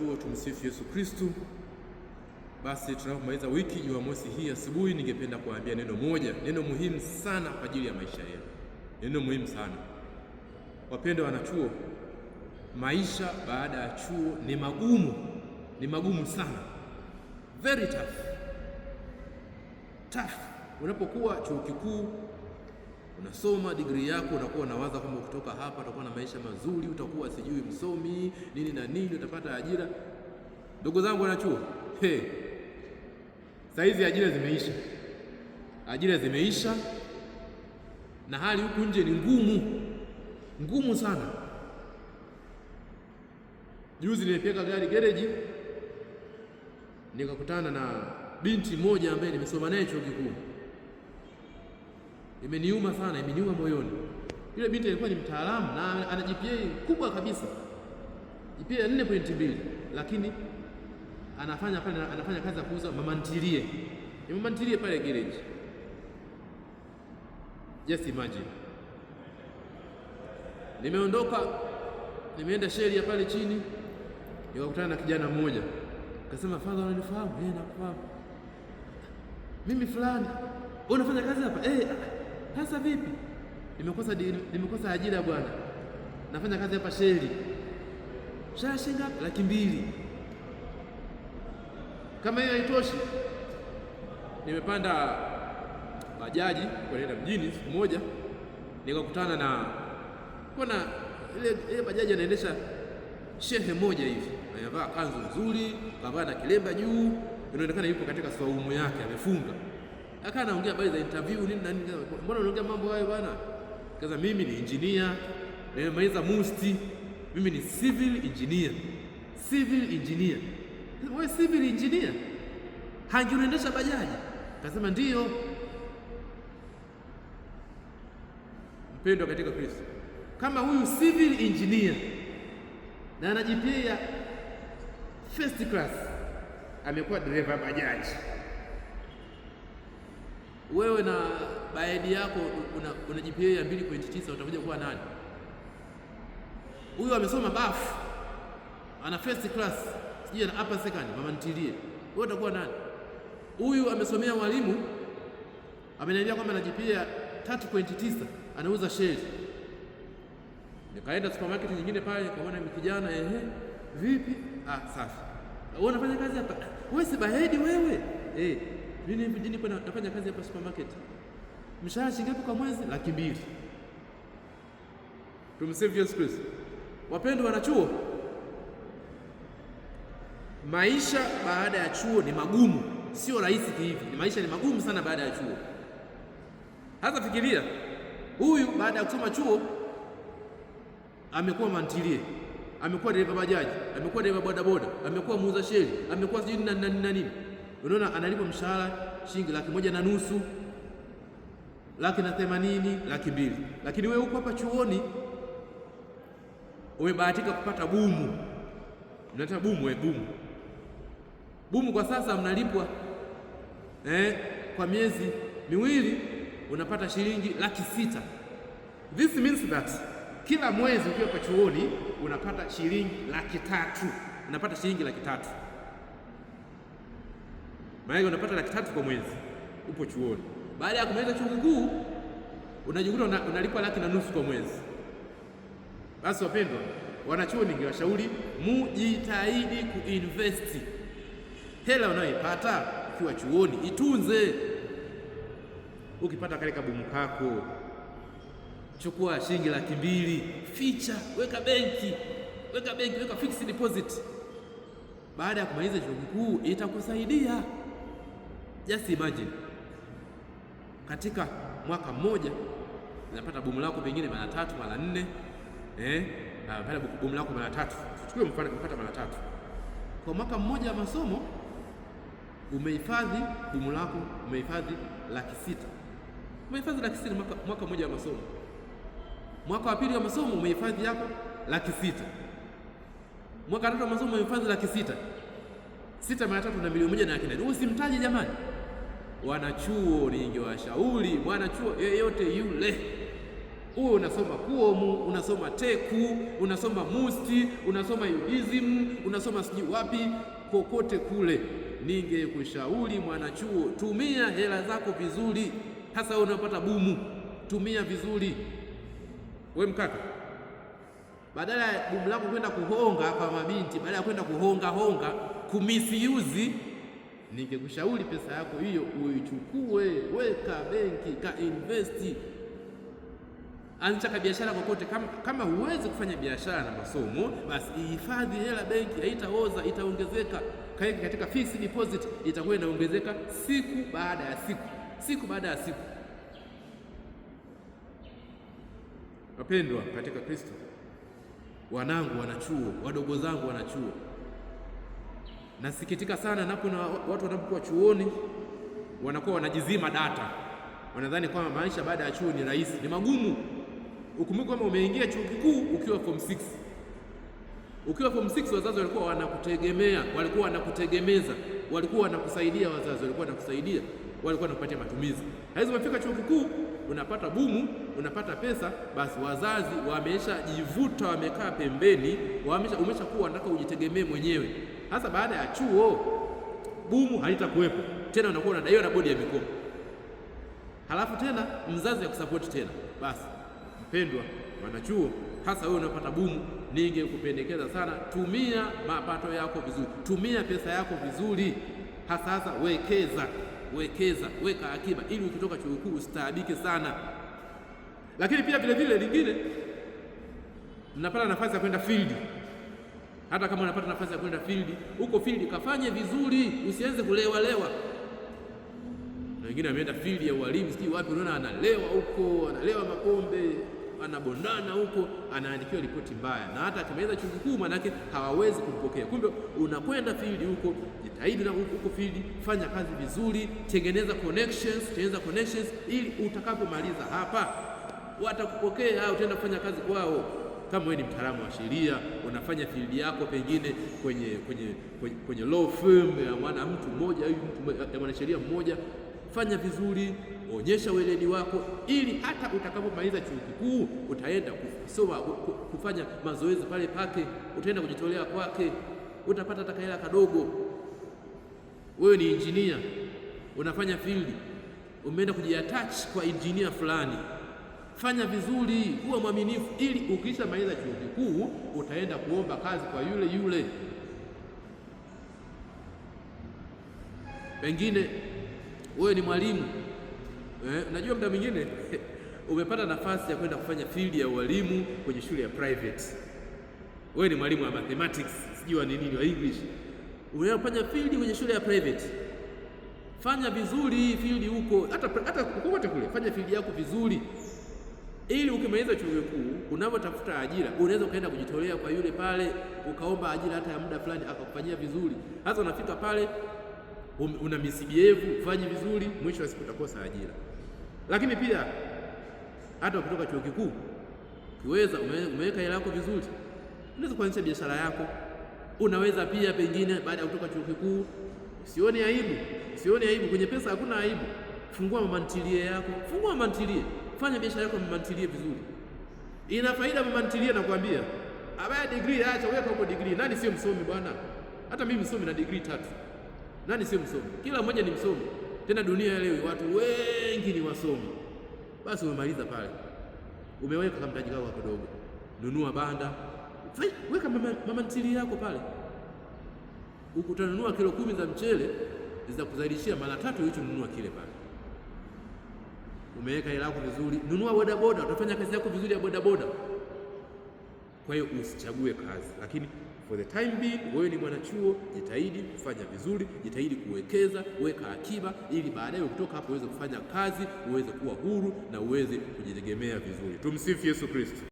Huo tumsifu Yesu Kristu. Basi tunapomaliza wiki Jumamosi hii asubuhi, ningependa kuambia neno moja, neno muhimu sana kwa ajili ya maisha yenu, neno muhimu sana wapendwa wanachuo. Maisha baada ya chuo ni magumu, ni magumu sana, very tough, tough. Unapokuwa chuo kikuu Unasoma degree yako, unakuwa unawaza kwamba ukitoka hapa utakuwa na maisha mazuri, utakuwa sijui msomi nini na nini, utapata ajira. Ndugu zangu wanachuo, hey, saa hizi ajira zimeisha, ajira zimeisha, na hali huku nje ni ngumu, ngumu sana. Juzi nimepeka gari gereji, nikakutana na binti moja ambaye nimesoma naye chuo kikuu imeniuma sana, imeniuma moyoni. Yule binti alikuwa ni mtaalamu na ana GPA kubwa kabisa, GPA 4.2 lakini anafanya pale, anafanya kazi ya kuuza mama ntilie, ni mama ntilie pale gereji. Just imagine, nimeondoka nimeenda sheria pale chini, nikakutana na kijana mmoja akasema, father unanifahamu? Yeye eh, anakufahamu mimi fulani, wewe unafanya kazi hapa eh? Sasa vipi? Nimekosa nimekosa ajira bwana, nafanya kazi hapa sheli, shashinga Laki mbili. Kama hiyo haitoshi, nimepanda bajaji kwenda mjini siku moja, nikakutana na kuna ile ile bajaji anaendesha shehe moja hivi, amevaa kanzu nzuri, kavaa na kilemba juu, inaonekana yuko katika saumu yake, amefunga Akawa anaongea habari za interview nini na nini, mbona unaongea mambo hayo bwana? Kaza mimi ni engineer, nimemaliza musti, mimi ni civil engineer. Civil engineer, wewe civil engineer hangi unaendesha bajaji? Kasema ndiyo. Mpendwa katika Kristo, kama huyu civil engineer na anajipia first class amekuwa dereva bajaji wewe na baedi yako una, una GPA ya 2.9 utakuja kuwa nani? Huyu amesoma bafu ana first class sijui ana upper second, mama nitilie, wewe utakuwa nani? Huyu amesomea mwalimu ameniambia kwamba na GPA ya 3.9 anauza shares. Nikaenda supermarket nyingine pale, nikaona kijana ehe, vipi? Ah, safi. Wewe unafanya kazi hapa? Wewe si bahedi wewe eh mimi hivi kwa nafanya kazi hapa supermarket, mshahara shilingi ngapi kwa mwezi? laki mbili. Tumsifu Yesu Kristo. Wapendwa chuo, maisha baada ya chuo ni magumu, sio rahisi kihivi. Maisha ni magumu sana baada ya chuo. Hata fikiria huyu baada ya kusoma chuo amekuwa mantilie, amekuwa dereva bajaji, amekuwa dereva bodaboda, amekuwa muuza sheli, amekuwa sijui na nini unaona analipwa mshahara shilingi laki moja na nusu, laki na themanini, laki mbili, lakini wewe uko hapa chuoni umebahatika kupata bumu. Mnaita bumu we, eh, bumu bumu. Kwa sasa mnalipwa eh, kwa miezi miwili unapata shilingi laki sita. This means that kila mwezi ukiwa kwa chuoni unapata shilingi laki tatu, unapata shilingi laki tatu maana unapata laki tatu kwa mwezi upo chuoni. Baada ya kumaliza chuo kikuu unajikuta una, unalipwa laki na nusu kwa mwezi. Basi wapendwa wanachuo, ningewashauri mujitahidi kuinvesti hela unayoipata ukiwa chuoni, itunze. Ukipata kale kabumu kako, chukua shilingi laki mbili, ficha, weka benki, weka benki, weka fixed deposit. Baada ya kumaliza chuo kikuu itakusaidia. Just imagine katika mwaka mmoja unapata bomu lako pengine mara tatu mara nne eh, pale bomu lako mara tatu, chukue mfano unapata mara tatu kwa mwaka mmoja wa masomo, umehifadhi bomu lako, umehifadhi laki sita, umehifadhi laki sita mwaka, mwaka mmoja wa masomo. Mwaka wa pili wa masomo umehifadhi yako laki sita, mwaka tatu wa masomo umehifadhi laki sita sita mara tatu na milioni moja na laki nane. Usimtaje jamani, wanachuo ningewashauri mwanachuo yeyote yule uwe unasoma kuomu, unasoma teku, unasoma musti, unasoma yudizimu, unasoma sijui wapi, kokote kule, ningekushauri mwanachuo, tumia hela zako vizuri, hasa unapata bumu, tumia vizuri we mkaka, badala ya bumu lako kwenda kuhonga kwa mabinti, badala ya kwenda kuhonga honga kumisiuzi, ningekushauri pesa yako hiyo uichukue, weka benki, ka investi, anza ka biashara kokote. Kama, kama huwezi kufanya biashara na masomo, basi ihifadhi hela benki, haitaoza itaongezeka. Kaeka katika fixed deposit, itakuwa inaongezeka siku baada ya siku, siku baada ya siku. Wapendwa katika Kristo, wanangu wanachuo, wadogo zangu wanachuo Nasikitika sana na kuna watu wanapokuwa chuoni wanakuwa wanajizima data, wanadhani kwamba maisha baada ya chuo ni rahisi. Ni magumu. Ukumbuke kwamba umeingia chuo kikuu ukiwa form 6. Ukiwa form 6 wazazi walikuwa wanakutegemea, walikuwa wanakutegemeza, walikuwa wanakusaidia, wazazi walikuwa wanakusaidia, walikuwa wanakupatia matumizi. Haizi umefika chuo kikuu unapata bumu, unapata pesa, basi wazazi wameshajivuta, wamekaa pembeni, wamesha umeshakuwa, unataka ujitegemee mwenyewe. Hasa baada ya chuo bumu halitakuwepo tena, unakuwa unadaiwa na bodi ya mikopo, halafu tena mzazi akusapoti tena. Basi mpendwa chuo hasa wewe unapata bumu, ningekupendekeza sana, tumia mapato yako vizuri, tumia pesa yako vizuri, hasa hasa wekeza, wekeza, weka akiba ili ukitoka chuo kikuu usitaabike sana. Lakini pia vilevile lingine, mnapata nafasi ya kwenda field hata kama unapata nafasi ya kwenda field, huko field kafanye vizuri, usianze kulewa lewa. Na wengine ameenda field ya walimu sijui wapi, unaona analewa huko, analewa mapombe, anabondana huko, anaandikiwa ripoti mbaya, na hata akimaliza chuo kikuu manake hawawezi kumpokea. Kumbe unakwenda field huko, jitahidi na huko field, fanya kazi vizuri, tengeneza connections, tengeneza connections ili utakapomaliza hapa watakupokea, utaenda kufanya kazi kwao. Kama wewe ni mtaalamu wa sheria unafanya field yako pengine kwenye, kwenye, kwenye, kwenye law firm ya mwana mtu mmoja ya mwanasheria mmoja, fanya vizuri, onyesha weledi wako, ili hata utakapomaliza chuo kikuu utaenda kusoma kufanya mazoezi pale pake, utaenda kujitolea kwake, utapata hata hela kadogo. Wewe ni injinia unafanya field, umeenda kujiatach kwa injinia fulani fanya vizuri, kuwa mwaminifu, ili maliza chuo kikuu utaenda kuomba kazi kwa yule yule. Pengine wewe ni mwalimu eh, najua muda mwingine umepata nafasi ya kwenda kufanya field ya ualimu kwenye shule ya private. Wewe ni mwalimu wa mathematics, sijui ni nini wa English, unafanya field kwenye shule ya private Fanya vizuri field huko, hata hata kokote kule, fanya field yako vizuri ili ukimaliza chuo kikuu unavyotafuta ajira unaweza ukaenda kujitolea kwa yule pale, ukaomba ajira hata ya muda fulani, akakufanyia vizuri. Hasa unafika pale um, una misibievu fanyi vizuri, mwisho wa siku utakosa ajira. Lakini pia hata ukitoka chuo kikuu ukiweza, umeweka hela yako vizuri, unaweza kuanzisha biashara yako. Unaweza pia pengine baada ya kutoka chuo kikuu, sioni aibu, sioni aibu kwenye pesa, hakuna aibu. Fungua mamantilie yako, fungua mamantilie fanya biashara yako mmantilie vizuri, ina faida mmantilie. Nakwambia abaya degree, acha weka huko degree. Nani sio msomi bwana? Hata mimi msomi na degree tatu. Nani sio msomi? Kila mmoja ni msomi. Tena dunia ya leo watu wengi ni wasomi. Basi umemaliza pale, umeweka kamtaji kako kidogo, nunua banda, weka mamantilie yako pale. Ukutanunua kilo kumi za mchele, za mara tatu ulichonunua kile pale umeweka hela yako vizuri, nunua bodaboda, utafanya kazi yako vizuri ya bodaboda. Kwa hiyo usichague kazi, lakini for the time being, wewe ni mwanachuo, jitahidi kufanya vizuri, jitahidi kuwekeza, weka akiba, ili baadaye kutoka hapo uweze kufanya kazi, uweze kuwa huru na uweze kujitegemea vizuri. Tumsifu Yesu Kristo.